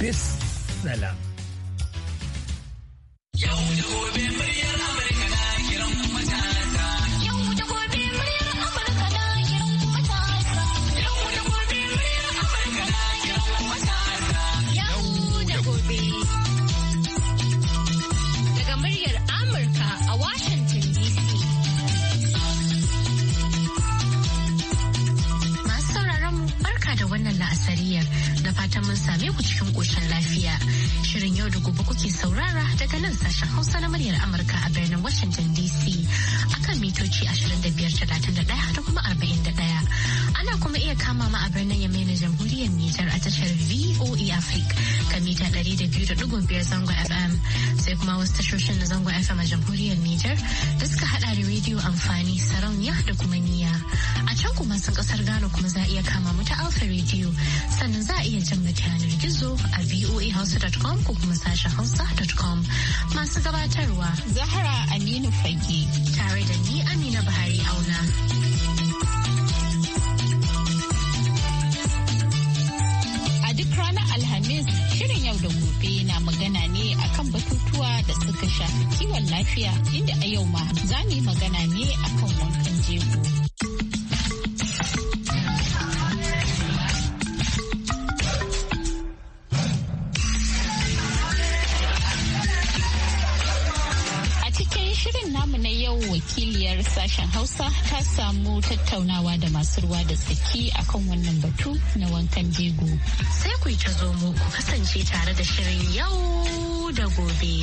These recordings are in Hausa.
bis salam. gobe ku cikin ƙoshin lafiya. Shirin yau da gobe kuke saurara daga nan sashen Hausa na muryar Amurka a birnin Washington DC akan mitoci 2531 da kuma 41. Ana kuma iya kama ma a birnin Yamai na Jamhuriyar Nijar a tashar VOE Africa kan mita 200.5 zango FM sai kuma wasu tashoshin na zango FM a Jamhuriyar Nijar da suka hada da rediyo amfani sarauniya da kuma niya. A can kuma sun kasar gano kuma za a iya kama mu ta Alfa rediyo sannan za a iya jan yanar gizo a voahausa.com e ko kuma sashen hausa.com masu gabatarwa Zahra Aminu Fage tare da ni Amina Buhari Auna. a duk ranar alhamis Shirin yau da gobe na magana ne akan batutuwa da suka shafi kiwon lafiya inda a yau ma za mu yi magana ne akan wankan jego. yau wakiliyar sashen Hausa ta samu tattaunawa da masu ruwa da tsaki akan wannan batu na wankan jego. Sai ku ta zo mu ku kasance tare da shirin yau da gobe.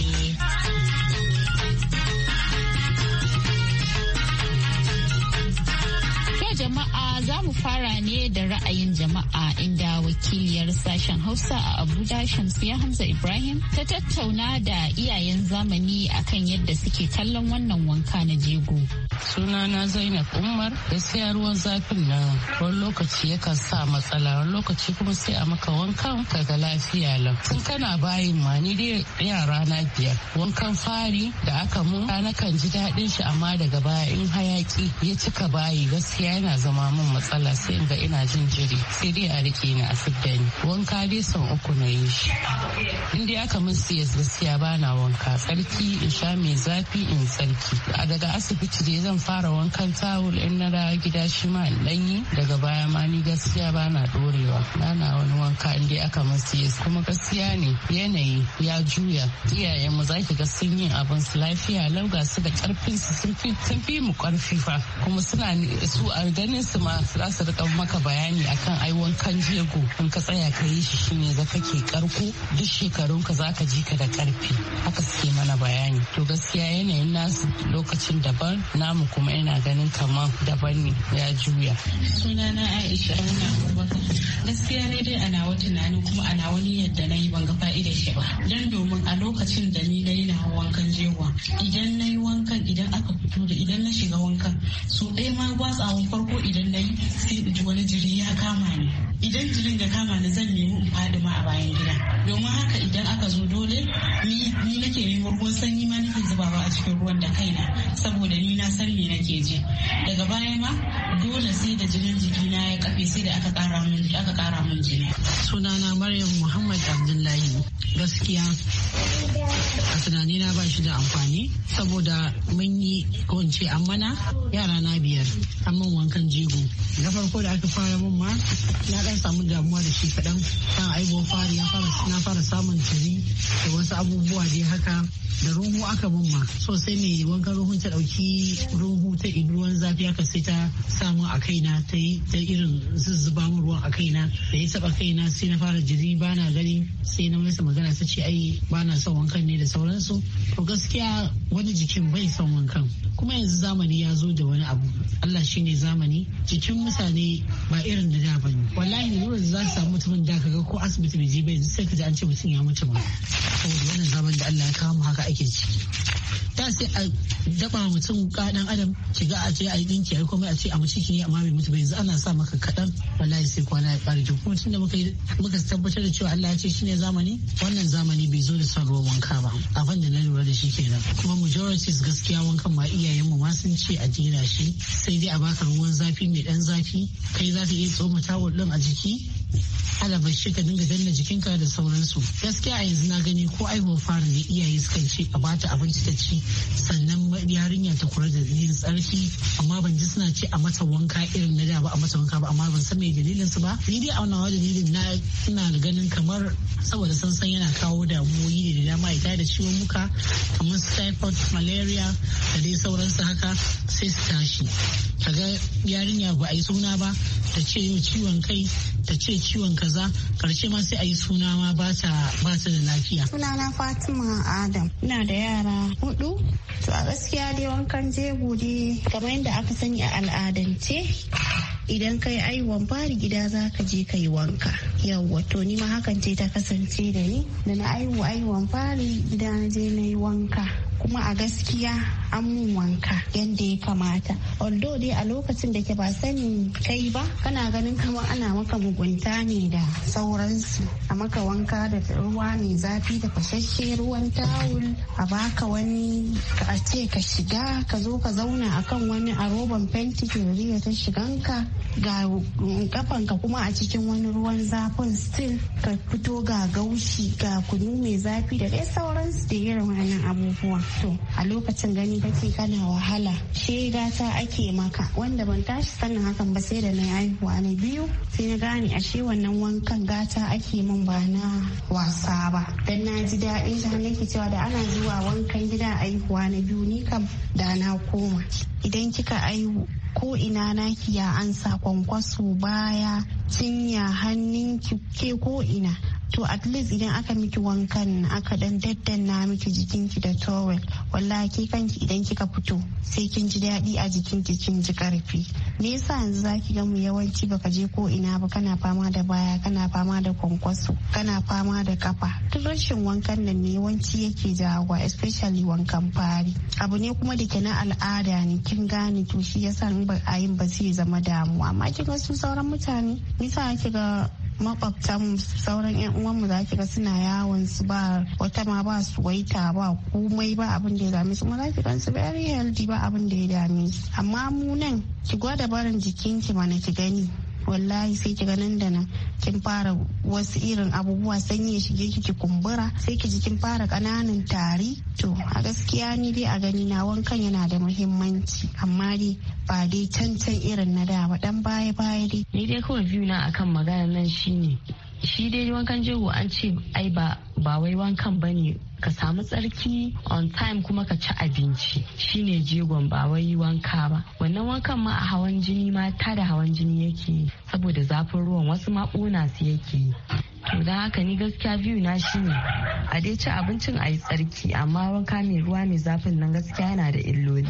jama'a za mu fara ne da ra'ayin jama'a inda wakiliyar sashen Hausa a Abuja Shamsiya Hamza Ibrahim ta tattauna da iyayen zamani akan yadda suke kallon wannan wanka na jego. Sunana Zainab Umar gaskiya ruwan zafin na wani lokaci yakan sa matsala wani lokaci kuma sai a maka wankan kaga lafiya lau. Tun kana bayin ma ni dai yara na biyar wankan fari da aka mun ranakan ji daɗin shi amma daga baya in hayaki ya cika bayi gaskiya yana zama mun samun matsala sai ga ina jin jiri sai dai a rike ni a fidda wanka dai son uku na yi shi in dai aka min siyas gaskiya na wanka tsarki in sha mai zafi in tsarki a daga asibiti dai zan fara wankan tawul in na dawo gida shi ma in danyi daga baya ma ni gaskiya bana dorewa na wani wanka in dai aka min siya kuma gaskiya ne yanayi ya juya iyayen mu zaki ga sun yi abin su lafiya lauga su da karfin su sun fi mu karfi fa kuma suna su a ganin su ma za su rika maka bayani akan ai wankan jego in ka tsaya ka yi shi shine za ka ke karko duk shekarun ka za ka ji ka da karfi haka suke mana bayani to gaskiya yanayin nasu lokacin daban namu kuma yana ganin kamar daban ne ya juya sunana aisha wannan abubakar gaskiya ne dai ana wata tunanin kuma ana wani yadda na yi ban ga fa'ida shi ba dan domin a lokacin da ni na yi na wankan jewa idan na yi wankan idan aka fito da idan na shiga wankan so ɗaya ma gwatsawan farko idan na yi sai da wani jiri ya kama ni idan jirin ya kama ni zan nemi in fadi ma a bayan gida domin haka idan aka zo dole ni nake nemo ruwan sanyi ma nake zubawa a cikin ruwan da kaina saboda ni na san me nake ji daga baya ma dole sai da jirin jiki na ya kafe sai da aka kara min aka kara min jini sunana maryam muhammad abdullahi gaskiya a tunani na ba shi da amfani saboda mun yi ko amma na mana yara na biyar an min wankan jego na farko da aka fara mun ma na dan samu damuwa da shi kaɗan kan aibuwar fari na fara samun tari da wasu abubuwa dai haka da ruhu aka mun ma so sai ne wankan ruhun ta ɗauki ruhu ta ruwan zafi aka sai ta samu a kaina ta yi ta irin zuzzuba mun ruwan a kaina da ya taɓa kaina sai na fara jiri ba na gani sai na masa magana ta ce ai ba na son wankan ne da sauransu to gaskiya wani jikin bai son wankan kuma yanzu zamani ya zo da wani abu Allah shine zamani jiki yawancin mutane ba irin da da ne wallahi lalurar za su samu mutumin da kaga ko asibiti bai je ba yanzu sai ka ji an ce mutum ya mutu ba saboda wannan zaman da Allah ya kawo mu haka ake ciki da sai a daba mutum wuka adam shiga a ce a yi dinki a komai a ce a mu ciki ne amma mai mutu ba yanzu ana sa maka kaɗan wallahi sai kwana ya ƙare duk kuma tunda muka muka tabbatar da cewa Allah ya ce ne zamani wannan zamani bai zo da son ruwan wanka ba abin da na lura da shi kenan kuma majorities gaskiya wankan ma iyayen mu ma sun ce a jera shi sai dai a baka ruwan zafi mai dan zafi kai za ka iya tsoma tawul din a jiki ba shi ka dinga danna jikinka da sauransu gaskiya a yanzu na gani ko aihuwar fara ne iyaye suka ce a bata abinci ta ci sannan yarinya ta kura da yin tsarki amma ban ji suna ce a mata wanka irin na da ba a mata wanka ba amma ban san me dalilin su ba ni dai a wannan dalilin na ina ganin kamar saboda sansan yana kawo damuwoyi da dama ita da ciwon muka kamar typhoid malaria da dai sauransu haka sai su tashi kaga yarinya ba a yi suna ba ta ce ciwon kai ta ce ciwon kaza karshe ma sai a yi suna ma ba ta da lafiya. Sunana Fatima Adam. Ina da yara hudu. To a gaskiya dai wankan je dai kamar yadda aka sani a al'adance idan kai aiwon fari gida za ka je ka yi wanka yawwa to ni ma hakan ce ta kasance da ni da na aiwu aiwan fari gida na je na yi wanka kuma a gaskiya an mu wanka yadda ya kamata although dai a lokacin da ke ba sani kai ba kana ganin kama ana maka mugunta ne da sauransu a maka wanka da ruwa mai zafi da fashashe ruwan tawul a baka wani a ce ka shiga ka zo ka zauna a kan wani a roban fenti ke riga ta shiganka ga kafanka kuma a cikin wani ruwan zafin stil ka fito ga gaushi ga kunu mai zafi da dai sauransu da irin wannan abubuwa to a lokacin gani kake kana wahala shaida ta ake maka wanda ban tashi sanin hakan ba sai da na haihuwa na biyu sai na gane ashe wannan wankan gata ake min ba na wasa ba dan na ji daɗin ta nake cewa da ana zuwa wankan gida haihuwa na biyu ni kam da na koma idan kika aihu ko ina naki ya ansa sa kwankwaso baya cinya ki ke ko ina to at least idan aka miki wankan aka dan daddanna miki jikinki da towel wallahi ke kanki idan kika fito sai kin ji daɗi a jikin kin ji karfi me yasa yanzu zaki ga mu yawanci baka je ko ina ba kana fama da baya kana fama da kwankwaso kana fama da kafa duk rashin wankan nan ne yawanci yake jawa especially wankan fari abu ne kuma da ke na al'ada ne kin gane to shi yasa in ba a yin ba zai zama damuwa amma kin ga su sauran mutane nisa ki ga makwabtan sauran yan uwanmu za ki ga suna yawon su ba wata ma ba su waita ba komai ba abin da ya dame su kuma za ki gan su very healthy ba abin da ya dame su amma mu nan ki gwada barin jikinki mana ki gani wallahi sai ki ganin da nan kin fara wasu irin abubuwa sanyi ya shige ki kumbura sai ki ji kin fara kananan tari to a gaskiya ni dai a gani na wankan yana da muhimmanci amma dai ba dai can irin na da ba dan baya baya dai ni dai kuma biyu na akan magana nan shine shi dai wankan jego an ce ai ba ba wai wankan bane ka samu tsarki on time kuma ka ci abinci shine jegon ba wai wanka ba wannan wankan ma a hawan jini ma ta da hawan jini yake saboda zafin ruwan wasu ma ƙona su yake to don haka ni gaskiya biyu na shi ne a dai ci abincin a yi tsarki amma wanka mai ruwa mai zafin nan gaskiya yana da illoli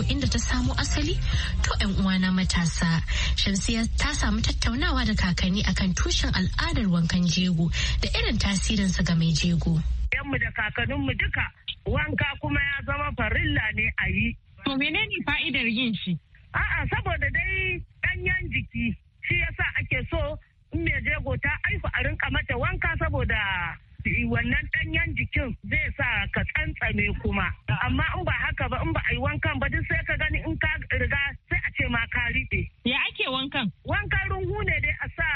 zango inda ta samo asali to yan uwana matasa shamsiyar ta samu tattaunawa da kakanni akan tushen al'adar wankan jego da irin tasirinsa ga mai jego yanmu da kakanninmu duka wanka kuma ya zama farilla ne a yi to menene fa'idar yin shi a'a saboda dai ɗanyen jiki shi yasa ake so in jego ta aifu a rinka mata wanka saboda wannan danyen jikin zai sa ka tsantsame kuma amma in ba haka ba in ba a yi wankan ba duk sai ka gani in ka riga sai a ce ma ka riɓe. ya ake wankan wankan rungu ne dai a sa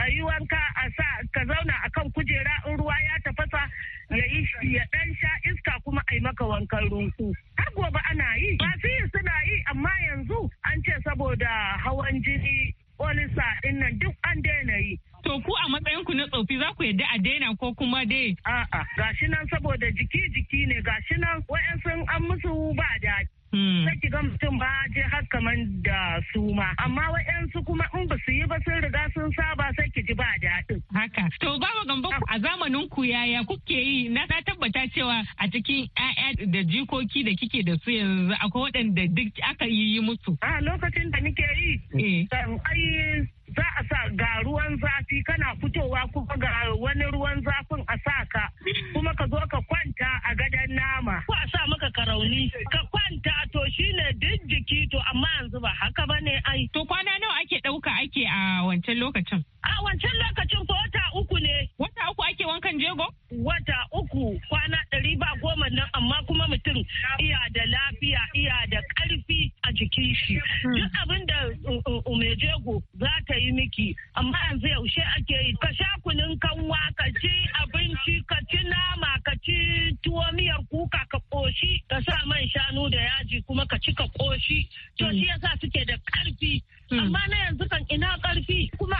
a yi wanka a sa ka zauna akan kujera in ruwa ya tafasa ya yi ya dan sha iska kuma a yi maka wankan rungu har gobe ana yi masu yi suna yi amma yanzu an ce saboda hawan jini olisa din nan duk an daina yi. To ku a matsayin ku na tsofi za ku yadda a daina ko kuma dai? A'a gashi nan saboda jiki jiki ne gashi nan wa'yansu an musu ba daɗi. Hmm. sai ki ga mutum ba je har kaman da su ma amma wa'yansu kuma in ba su yi ba sun riga sun saba sai ki ji ba daɗin haka. To baba gamba a zamanin ku yaya kuke yi na tabbata cewa a cikin ƴaƴa da jikoki da kike da su yanzu akwai waɗanda duk aka yi musu. A lokacin da nike yi. Eh. eh za a sa ga ruwan zafi kana fitowa kuma ga wani ruwan zafin a sa ka kuma ka zo ka kwanta a gadon nama ko a sa maka karauni ka kwanta to shine duk jiki to amma yanzu ba haka ba ne ai to kwana nawa ake ɗauka ake a wancan lokacin A wancan lokacin ko wata uku ne. Wata uku ake wankan jego? Wata uku kwana ɗari ba goma nan amma kuma mutum iya da lafiya iya da ƙarfi a jikin shi. Hmm. Duk abin da um, um, um, mai jego za ta yi miki amma yanzu yaushe ake yi. Ka sha kunun kanwa ka ci abinci ka ci nama ka ci tuwo miyar kuka ka ƙoshi ka sa man shanu da yaji kuma ka ci ka ƙoshi. To hmm. shi yasa suke da ƙarfi Hmm. Amma na yanzu kan ina karfi kuma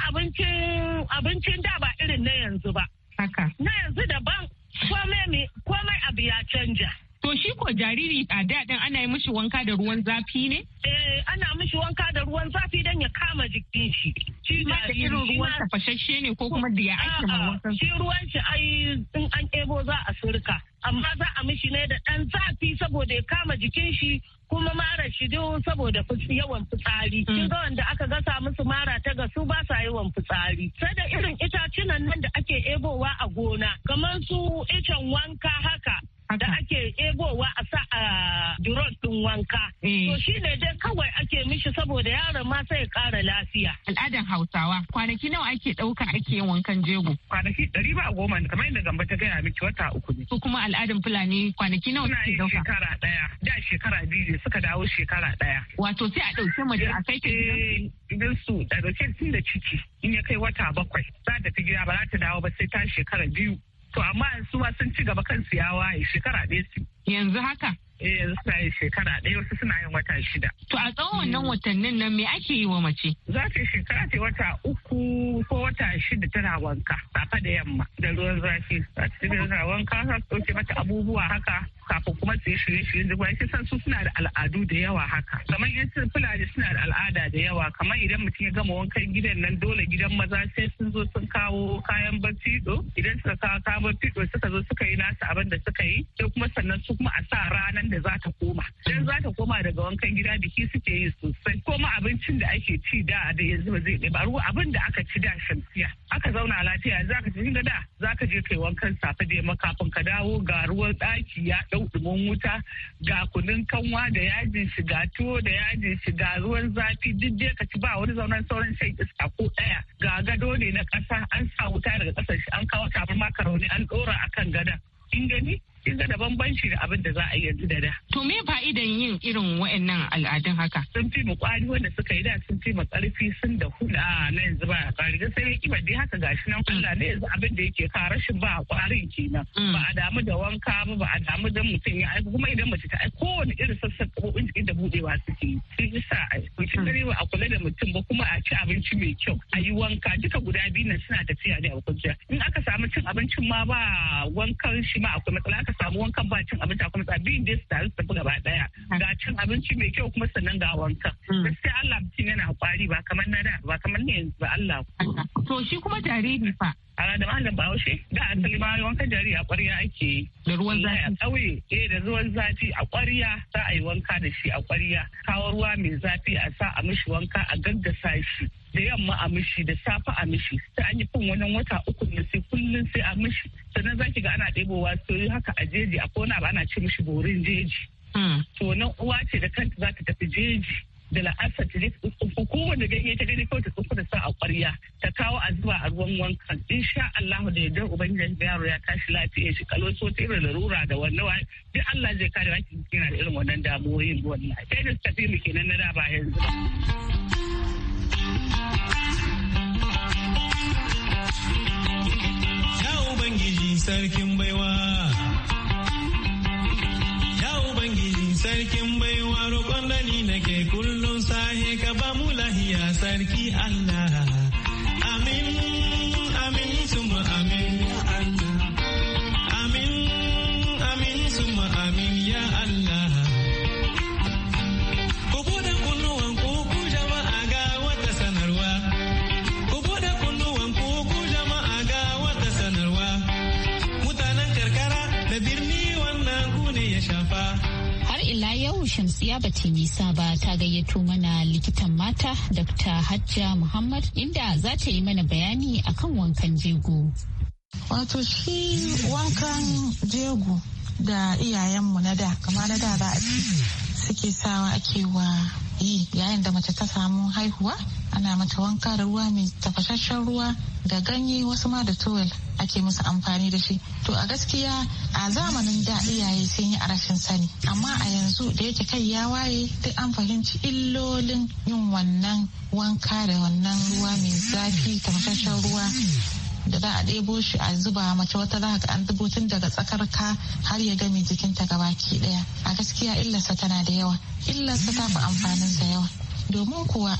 abincin da ba irin na yanzu ba. Na yanzu daban komai abu ya canja. To shi ko jariri a daɗin ana yi mishi wanka da ruwan zafi ne? Eh ana mishi wanka da ruwan zafi don ya kama jikin shi. Shi ma da irin ruwan tafashashe ne ko kuma da ya ake ma wankan. Shi ruwan shi ai in an ebo za a surka. Amma za a mishi ne da ɗan zafi saboda ya kama jikin shi kuma mara shi duk saboda yawan fitsari. Shi hmm. ga wanda aka gasa musu mara ta gasu ba sa yawan fitsari. Sai da irin itacinan nan da ake ebowa a gona kamar su icen wanka haka wanka. Eh. To shi ne dai kawai ake mishi saboda yaron ma sai ya kara lafiya. Al'adan Hausawa kwanaki nawa ake ɗauka ake yin wankan jego? Kwanaki ɗari ba goma ne kamar yadda gamba ta gaya miki wata uku ne. Ko kuma al'adan Fulani kwanaki nawa suke ɗauka? shekara ɗaya. Da shekara biyu ne suka dawo shekara ɗaya. Wato sai a ɗauke mace a kai ta eh, gidan su da ɗauke tun da ciki in ya kai wata bakwai za ta fi gida ba za ta dawo ba sai ta shekara biyu. To amma su ma sun ci gaba kansu ya waye shekara ɗaya su yanzu haka eh, yanzu suna yin shekara ɗaya wasu suna yin wata shida. To a tsawon wannan watannin nan me ake yi wa mace? Za ta shekara ce wata uku ko wata shida tana wanka safa da yamma da ruwan zafi. Za ta tana wanka za su ɗauke mata abubuwa haka kafin kuma su yi shirye-shirye da bayan san su suna da al'adu da yawa haka. Kamar yan fulani suna da al'ada da yawa kamar idan mutum ya gama wankan gidan nan dole gidan maza sai sun zo sun kawo kayan ɗo idan suka kawo kayan ɗo suka zo suka yi nasu abin da suka yi sai kuma sannan su su kuma a sa ranar da za ta koma idan za ta koma daga wankan gida biki suke yi sosai koma abincin da ake ci da da yanzu ba zai ba ruwa abin da aka ci da shamsiya aka zauna lafiya za ka tafi da za ka je kai wankan safe da yamma kafin ka dawo ga ruwan ɗaki ya ɗau ɗumin wuta ga kunun kanwa da yajin shiga tuwo da yajin shiga ruwan zafi duk dai ka ci ba wani zaunan sauran shan iska ko ɗaya ga gado ne na ƙasa an sa wuta daga ƙasar an kawo tabarma makaroni an ɗora akan gada in gani kin ga da bambanci da abin da za a yi yanzu da da. To me fa'idan yin irin wa'annan al'adun haka? Sun fi mu kwari wanda suka yi da sun fi mu karfi sun da hula na yanzu ba kwari da sai kima dai haka gashi nan Allah ne yanzu abin da yake ka rashin ba kwarin kenan. Mm. Ba a damu da wanka ba ba a damu da mutum ya aiki kuma idan mace ta aiki kowane irin sassan kabobin jikin da budewa suke yi. Sai ji sa mutum dare ba a kula da mutum ba kuma a ci abinci mai kyau a yi wanka duka guda biyu nan suna tafiya ne a kwanciya. In aka samu cin abincin ma ba wankan shi ma akwai matsala ka samu wankan ba cin abinci kuma sa biyun dai su taru su tafi gaba daya mm. ga cin abinci mai kyau kuma sannan ga wankan mm. gaskiya Allah mutum yana kwari ba kamar na da ba kamar ne yanzu ba Allah to shi kuma jariri fa a da malam bahaushe da asali ma wankan jariri a kwariya ake yi da ruwan zafi a ƙauye eh da ruwan zafi a kwariya za a yi wanka da shi a kwariya kawo ruwa mai zafi a sa a mishi wanka a gaggasa shi da yamma a mishi da safe a mishi sai an yi fin wani wata uku ne sai kullum sai a mishi sannan zaki ga ana ɗebowa soyu haka a jeji a kona ba ana ce mishi borin jeji hmm. to nan uwa ce da kanta za ta tafi jeji da la'asar ta je ko kowane ganye ta gani kawai ta tsufa da sa a ƙwarya ta kawo a zuwa a ruwan wankan insha Allah da yadda ubangiji yaro ya tashi lafiya shi kalo so ta irin larura da wannan wani duk Allah zai kare wa kina da irin wannan damuwoyin wannan sai da tafi mu kenan na da ba yanzu Ya Ubangiji sarkin baiwa. Ya Ubangiji sarkin baiwa roƙon da nake kullum sahe ka bamu mu lahiya sarki. Shamsiya ba ta nisa ba ta gayyato mana likitan mata Dr. Hajja Muhammad inda za ta yi mana bayani akan wankan jego. Wato shi wankan jego da iyayenmu na da kama na da ba a suke sawa ake wa Eh, yayin da mace ta samu haihuwa ana mata wanka da ruwa mai tafashashen ruwa da ganye wasu ma da towel ake musu amfani da shi to a gaskiya a zamanin da iyaye sun yi a rashin sani amma a yanzu da yake kai ya waye duk an fahimci illolin yin wannan wanka da wannan ruwa mai zafi tafashashen ruwa da za a ɗebo shi a zuba mace wata za ka an zubo tun daga tsakar ka har ya gami jikinta gaba ki ɗaya a gaskiya illarsa tana da yawa illarsa ta fi amfaninsa yawa domin kuwa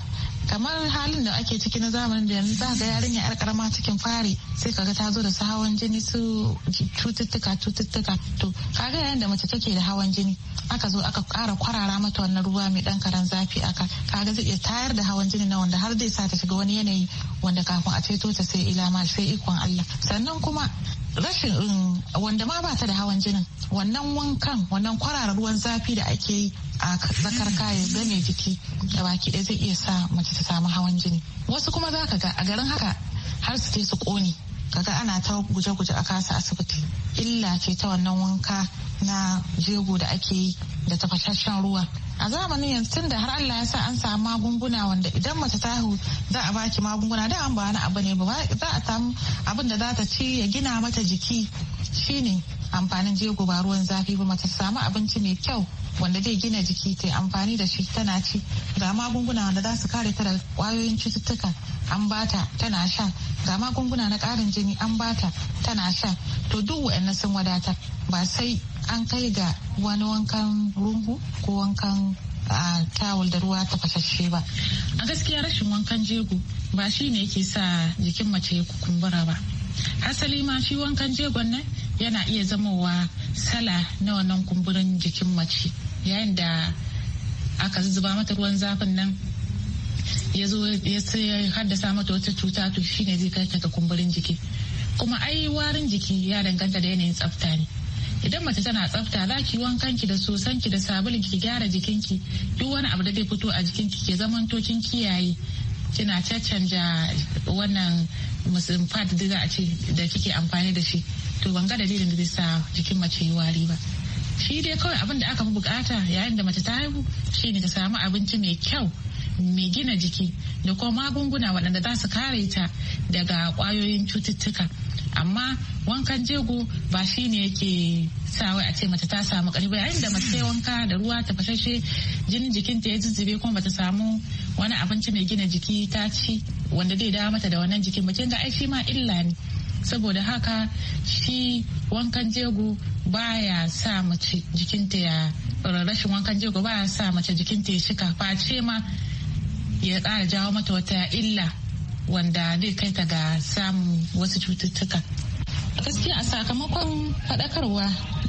kamar halin da ake ciki na zamanin da yanzu za ga yarinya yar karama cikin fari sai kaga ta zo da su hawan jini su cututtuka cututtuka to kaga yayin da mace take da hawan jini aka zo aka kara kwarara mata wannan ruwa mai dan karan zafi aka kaga zai iya tayar da hawan jini na wanda har zai sa ta shiga wani yanayi wanda kafin a ceto ta sai Ila ma sai ikon Allah sannan kuma rashin um, wanda ma ba ta da hawan jinin wannan wankan wannan kwararar ruwan zafi da ake yi a zakar kayan game jiki da baki ɗaya zai iya sa mace ta samu hawan jini wasu kuma za ka ga a garin haka har su su ƙone kaga ana ta guje-guje a kasa asibiti illa ce ta wannan wanka na jego da ake yi da tafasasshen ruwa a zamanin yanzu tun da har Allah ya sa an samu magunguna wanda idan mace ta haihu za a baki magunguna da an ba wani abu ne ba za a samu abin da za ta ci ya gina mata jiki shine amfanin jego ba ruwan zafi ba mace samu abinci mai kyau wanda zai gina jiki ta amfani da shi tana ci ga magunguna wanda za su kare ta da kwayoyin cututtuka an bata tana sha ga magunguna na karin jini an bata tana sha to duk wa'annan sun wadatar ba sai an kai ga wani wankan rungu ko wankan tawul da ruwa ta fasashe ba. A gaskiya rashin wankan jego ba shi ne yake sa jikin mace ya kumbura ba. Asali ma shi wankan jegon nan yana iya zamowa sala na wannan kumburin jikin mace yayin da aka zuba mata ruwan zafin nan ya zo ya haddasa mata wata cuta to ne zai kai ta kumburin jiki kuma ai warin jiki ya danganta da yanayin tsafta ne idan mace tana tsafta za ki wankan ki da sosan ki da sabulu ki gyara jikin ki duk wani abu da zai fito a jikin ki ke zaman kin kiyaye kina caccanja wannan musulun fat da za a ce da kike amfani da shi to ban ga dalilin da zai sa jikin mace yi wari ba shi dai kawai abin da aka fi bukata yayin da mace ta haihu shine ta samu abinci mai kyau mai gina jiki da kuma magunguna waɗanda za su kare ta daga kwayoyin cututtuka amma wankan jego ba shi ne yake sawa a ce mace ta samu ba yayin da mace wanka da ruwa ta fashashe jinin jikinta ya zuzube kuma bata samu wani abinci mai gina jiki ta ci wanda zai dawo mata da wannan jikin ba ga ai shi ma illa ne saboda haka shi wankan jego baya sa mace jikinta ya rashin wankan jego baya sa mace jikinta ya shika face ma ya kara jawo mata wata illa wanda zai kai ta ga samun wasu cututtuka gaskiya a sakamakon faɗakarwa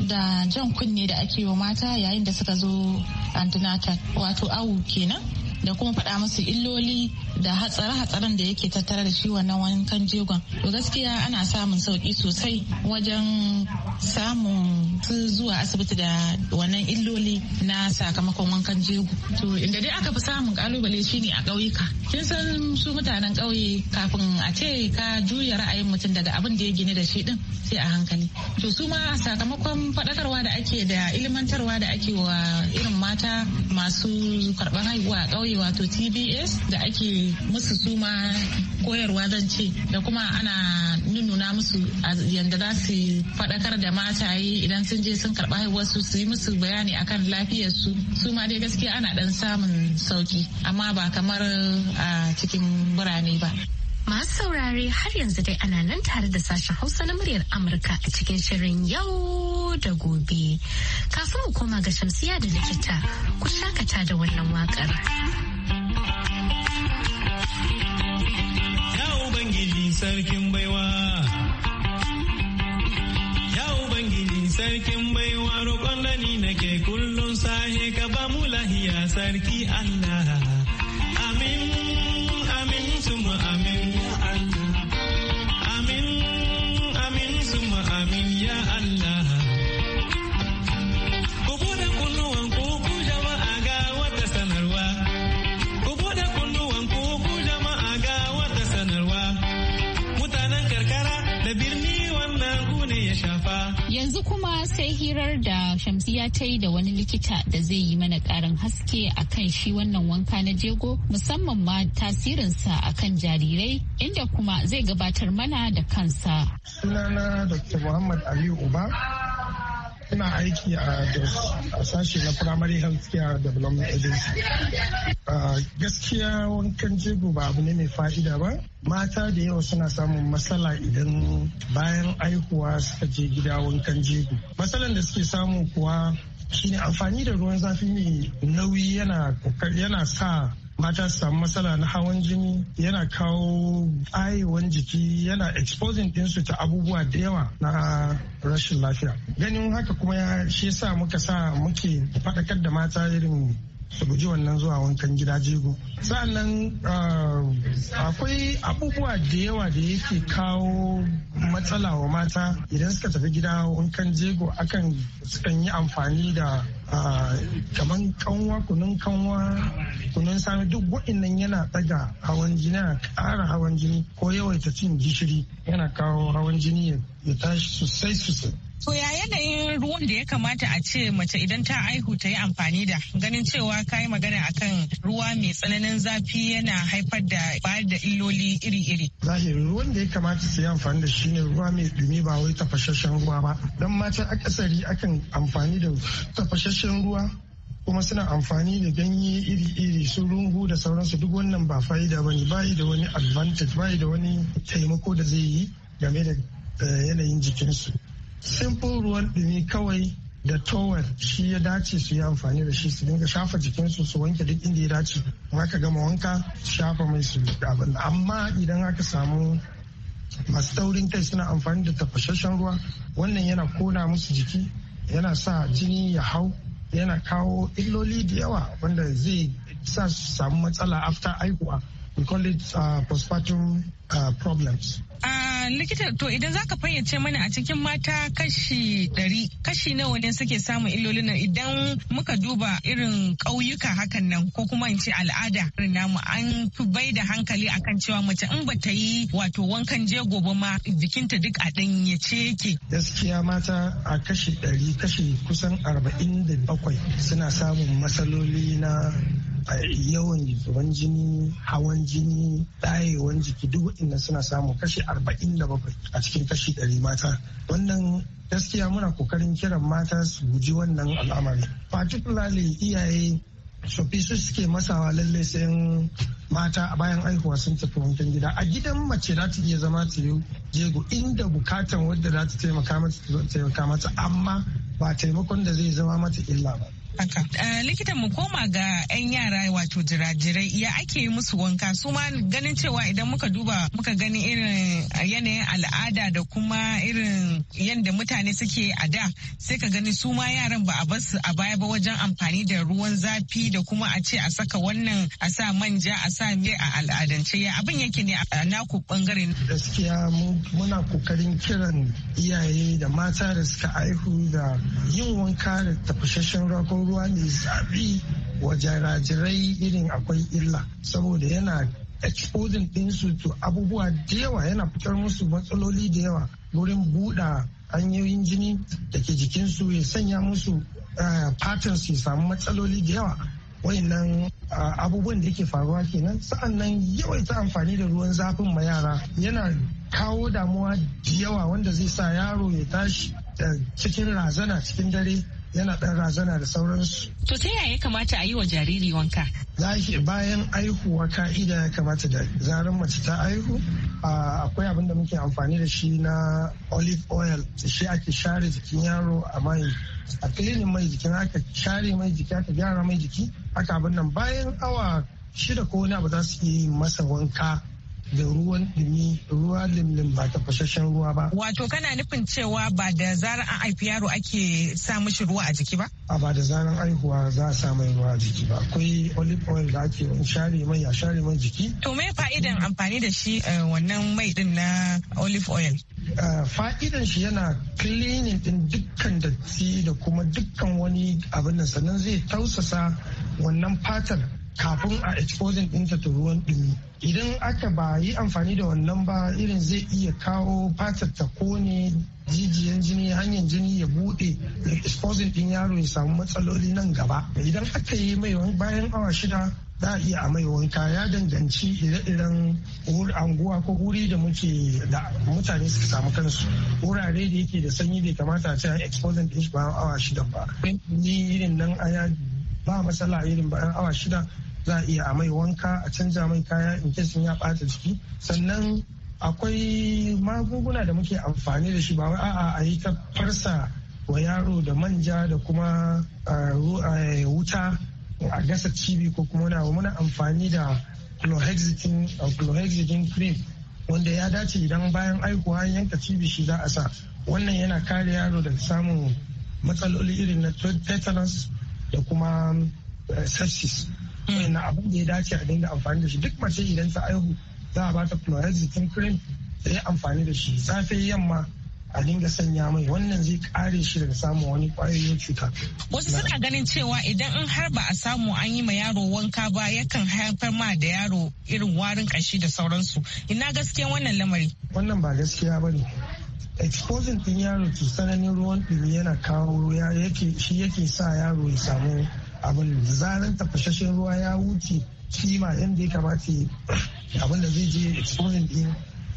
da jan kunne da ake wa mata yayin da suka zo antenatal wato awu kenan da kuma faɗa musu illoli da hatsare-hatsaren da yake tattara da shi wannan wankan jegon to gaskiya ana samun sauki sosai wajen samun su zuwa asibiti da wannan illoli na sakamakon wankan jego to inda dai aka fi samun kalubale shine a ƙauyuka kin san su mutanen ƙauye kafin a ce ka juya ra'ayin mutum daga abin da ya gini da shi din sai a hankali to su ma sakamakon faɗakarwa da ake da ilmantarwa da ake wa irin mata masu karɓar haihuwa a ƙauye wato tbs da ake musu suma koyarwa zan ce da kuma ana nuna musu yadda za su faɗakar da mataye idan sun je sun karɓa haihuwarsu su yi musu bayani akan lafiyarsu su ma dai gaskiya ana ɗan samun sauki amma ba kamar a cikin birane ba. Masu saurare har yanzu dai ana nan tare da sashen Hausa na muryar Amurka a cikin shirin yau da gobe. Kafin mu koma ga shamsiya da likita ku shakata da wannan wakar. Ya Ubangiji sarkin baiwa. Ya Ubangiji sarkin baiwa roƙon da ni nake kullum sahe ka ba mu lahiya sarki Allah. Yeah. kuma sai hirar da shamsiya ta yi da wani likita da zai yi mana karin haske akan shi wannan wanka na jego musamman ma tasirinsa akan jarirai inda kuma zai gabatar mana da kansa sunana dr muhammad Ali uba ina aiki a sashe na primary health care development agency gaskiya wankan jego ba abu ne mai fa'ida ba mata da yawa suna samun matsala idan bayan aihuwa suka je gida wankan jego matsalan da suke samu kuwa shine amfani da ruwan zafi mai nauyi yana sa mata su samu matsala na hawan jini yana kawo ayewan jiki yana exposing ɗinsu ta abubuwa da yawa na rashin lafiya ganin haka kuma ya shi sa muka sa muke faɗakar da mata irin su guji wannan zuwa wankan gida jego sa'annan uh, akwai abubuwa da yawa da yake kawo matsala wa mata idan suka tafi gida wankan jego akan sukan yi amfani da uh, kaman kanwa kunun kanwa kunun sami duk wainnan yana daga hawan jini yana kara hawan jini ko yawaita cin gishiri yana kawo hawan jini ya tashi sosai sosai To ya yanayin ruwan da ya kamata a ce mace idan ta aihu ta yi amfani da ganin cewa ka yi magana akan ruwa mai tsananin zafi yana haifar da bayar da illoli iri-iri. Zahiri ruwan da ya kamata su yi amfani da shi ne ruwa mai dumi ba wai tafashashen ruwa ba. Don mata akasari akan amfani da tafashashen ruwa kuma suna amfani da ganye iri-iri su rungu da sauransu duk wannan ba fa'ida ba ne bayi da wani advantage bayi da wani taimako da zai yi game da eh, yanayin jikinsu simple ruwan dumi kawai da towel shi ya dace su yi amfani da shi su dinga shafa jikinsu su wanke duk inda ya dace aka gama wanka shafa mai su abin amma idan aka samu masu taurin kai suna amfani da tafashashen ruwa wannan yana kona musu jiki yana sa jini ya hau yana kawo illoli da yawa wanda zai sa su samu matsala after aihuwa we call it uh, postpartum uh, problems. Uh, likita to idan za ka fayyace mana a cikin mata kashi ɗari kashi nawa ne suke samun illolin nan idan muka duba irin ƙauyuka hakan nan ko kuma in ce al'ada namu an fi bai da hankali akan cewa mace in ba ta yi wato wankan je gobe ma jikinta duk a ɗanyace yake. Gaskiya mata a kashi ɗari kashi kusan arba'in da bakwai suna samun matsaloli na yawan zuban jini hawan jini dayewan jiki duk waɗannan suna samun kashi arba'in da a cikin kashi ɗari mata wannan gaskiya muna kokarin kiran mata su guji wannan al'amari particularly iyaye su suke masawa lalle sai mata a bayan aihuwa sun tafi wankan gida a gidan mace za ta iya zama ta yi jego inda bukatan wadda za ta taimaka mata amma ba taimakon da zai zama mata illa ba haka eh, likitan mu koma ga 'yan yara wato jirajirai ya ake yi musu wanka su ma ganin cewa idan muka duba muka gani irin yanayin al'ada da kuma irin yadda mutane suke a da sai ka gani su ma yaran ba a basu a baya ba wajen amfani da ruwan zafi da kuma a ce a saka wannan a sa manja a sa me a al'adance ya abin yake ne a naku bangare gaskiya muna kokarin kiran iyaye da mata da suka aihu da yin wanka da tafashashen rako ruwa mai zafi wa jarajirai irin akwai illa saboda yana exposing dinsu to abubuwa da yawa yana fitar musu matsaloli da yawa wurin buɗa hanyoyin jini da ke jikinsu ya sanya musu eh, patterns su samu matsaloli da yawa wayannan ah, abubuwan da ke faruwa kenan sa'annan yawaita amfani da ruwan zafin ma yara yana kawo damuwa da yawa wanda zai sa yaro ya tashi cikin razana cikin dare yana ɗan razana da sauransu. To ta yaya ya kamata a yi wa jariri wanka? Za Bayan aihuwa ka'ida ya kamata da zarar mace ta aihu akwai abin da muke amfani da shi na olive oil shi ake share jikin yaro a mai a kilinin mai na aka share mai jiki aka gyara mai jiki aka abin nan bayan awa shida ko wani abu za su yi masa wanka da ruwan dumi ruwa limlim ba ta fashashen ruwa ba. Wato kana nufin cewa ba da zarar an haifi yaro ake sa mishi ruwa a jiki ba? A ba da zarar haihuwa za a sa mai ruwa a jiki ba. Akwai olive oil da ake share mai a share mai jiki. To me fa'idan amfani da shi eh, wannan mai din na olive oil? Eh, fa'idan shi yana cleaning din dukkan datti da kuma dukkan wani abin nan sannan zai tausasa wannan fatar kafin a exposing dinta ta ruwan dumi. idan aka ba yi amfani da wannan ba irin zai iya kawo fatar ta kone jijiyan jini hanyar jini ya bude exposing din yaro ya samu matsaloli nan gaba idan aka yi mai bayan awa shida za a iya mai wanka ya danganci ire-iren anguwa ko wuri da muke da mutane suka samu kansu wurare da yake da sanyi bai kamata a cikin exposing din shi awa shida ba ni irin nan aya ba matsala irin bayan awa shida za a iya a mai wanka a canza mai kaya in kesin ya bata jiki sannan akwai magunguna da muke amfani da shi ba wai a'a a yi ta farsa wa yaro da manja da kuma wuta a gasa cibi ko kuma na muna amfani da chlorhexidine cream wanda ya dace idan bayan aihuwa yanka cibi shi za a sa wannan yana kare yaro daga samun matsaloli irin na tetanus da kuma eh, sepsis mm. wannan abin da ya dace a dinga amfani da shi duk mace idan ta aihu za a ba ta chlorhexidine cream ta yi amfani da shi safe yamma a dinga sanya mai wannan zai kare shi daga samun wani kwayoyin cuta. Wasu suna ganin cewa idan in har ba a samu an yi ma yaro wanka ba yakan haifar ma da yaro irin warin kashi da sauransu. Ina gaskiya wannan lamari? Wannan ba gaskiya ba ne. exposing din yaro to tsananin ruwan dumi yana kawo yake shi yake sa yaro ya samu abin da zaran tafashashen ruwa ya wuce kima yadda ya kamata abin da zai je exposing din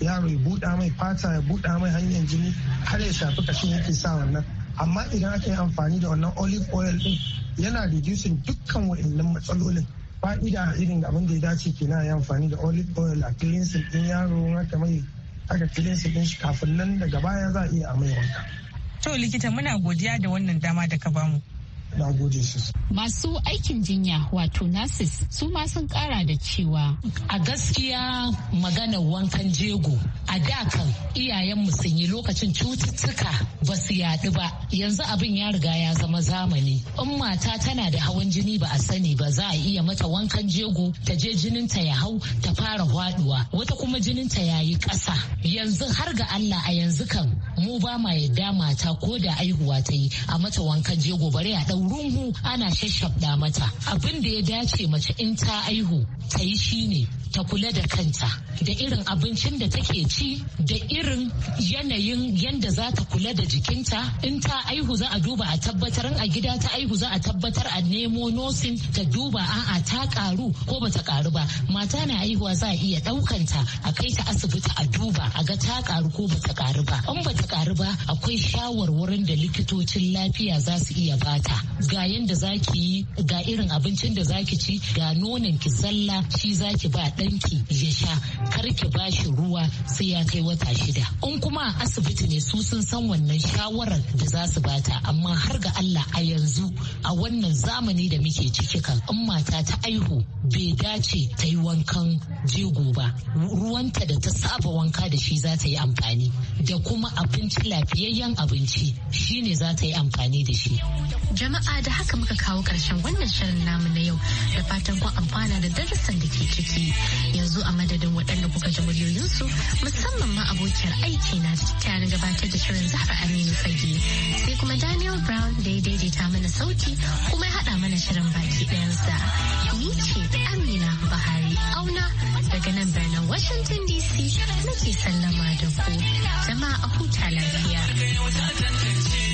yaro ya buɗa mai fata ya buɗa mai hanyar jini har ya shafi kashin yake sa wannan amma idan aka yi amfani da wannan olive oil din yana reducing dukkan wa'annan matsalolin fa'ida irin abin da ya dace kenan ya amfani da olive oil a cleansing din yaro haka mai aka su din shi kafin nan daga baya za a iya amai wanka. To likita muna godiya da wannan dama da ka bamu. na gode Masu aikin jinya wato nurses su ma sun kara da cewa. A gaskiya maganar wankan jego a da kan mu sun yi lokacin cututtuka ba su yaɗu ba yanzu abin ya riga ya zama zamani. In mata tana da hawan jini ba a sani ba za a iya mata wankan jego ta je jininta ya hau ta fara hwaduwa wata kuma jininta ya yi ƙasa. Yanzu har ga Allah a yanzu kan mu ba ma yadda mata ko da aihuwa ta yi a mata wankan jego bari a rungu ana shashabda mata abin da ya dace mace in ta aihu ta yi shine ta kula da kanta da irin abincin da take ci da irin yanayin yadda za ta kula da jikinta in ta aihu za a duba a tabbatar a gida ta aihu za a tabbatar a nemo nosin ta duba a'a ta karu ko bata karu ba mata na aihuwa za a iya daukanta a kai ta asibiti a duba a ga ta karu ko bata karu ba in bata karu ba akwai shawarwarin da likitocin lafiya za su iya bata ga yadda za ki yi ga irin abincin da za ki ci ga nonon ki zalla shi za ki ba ɗanki ya sha kar ki ba shi ruwa sai ya kai wata shida in kuma asibiti ne su sun san wannan shawarar da za su bata amma har ga Allah a yanzu a wannan zamani da muke ciki kan in mata ta aihu bai dace ta yi wankan jego ba ruwanta da ta saba wanka da shi za ta yi amfani da kuma abinci lafiyayyen abinci shine za ta yi amfani da shi jama'a da haka muka kawo karshen wannan shirin namu na yau da fatan kun amfana da darasin da ke ciki yanzu a madadin waɗanda kuka ji muryoyinsu musamman ma abokiyar aiki na tare gabatar da shirin zahra aminu fage sai kuma daniel brown da ya daidaita mana sauti kuma ya haɗa mana shirin baki ɗayansa ni ce amina bahari auna daga nan birnin washington dc nake sallama da ku jama'a a huta lafiya.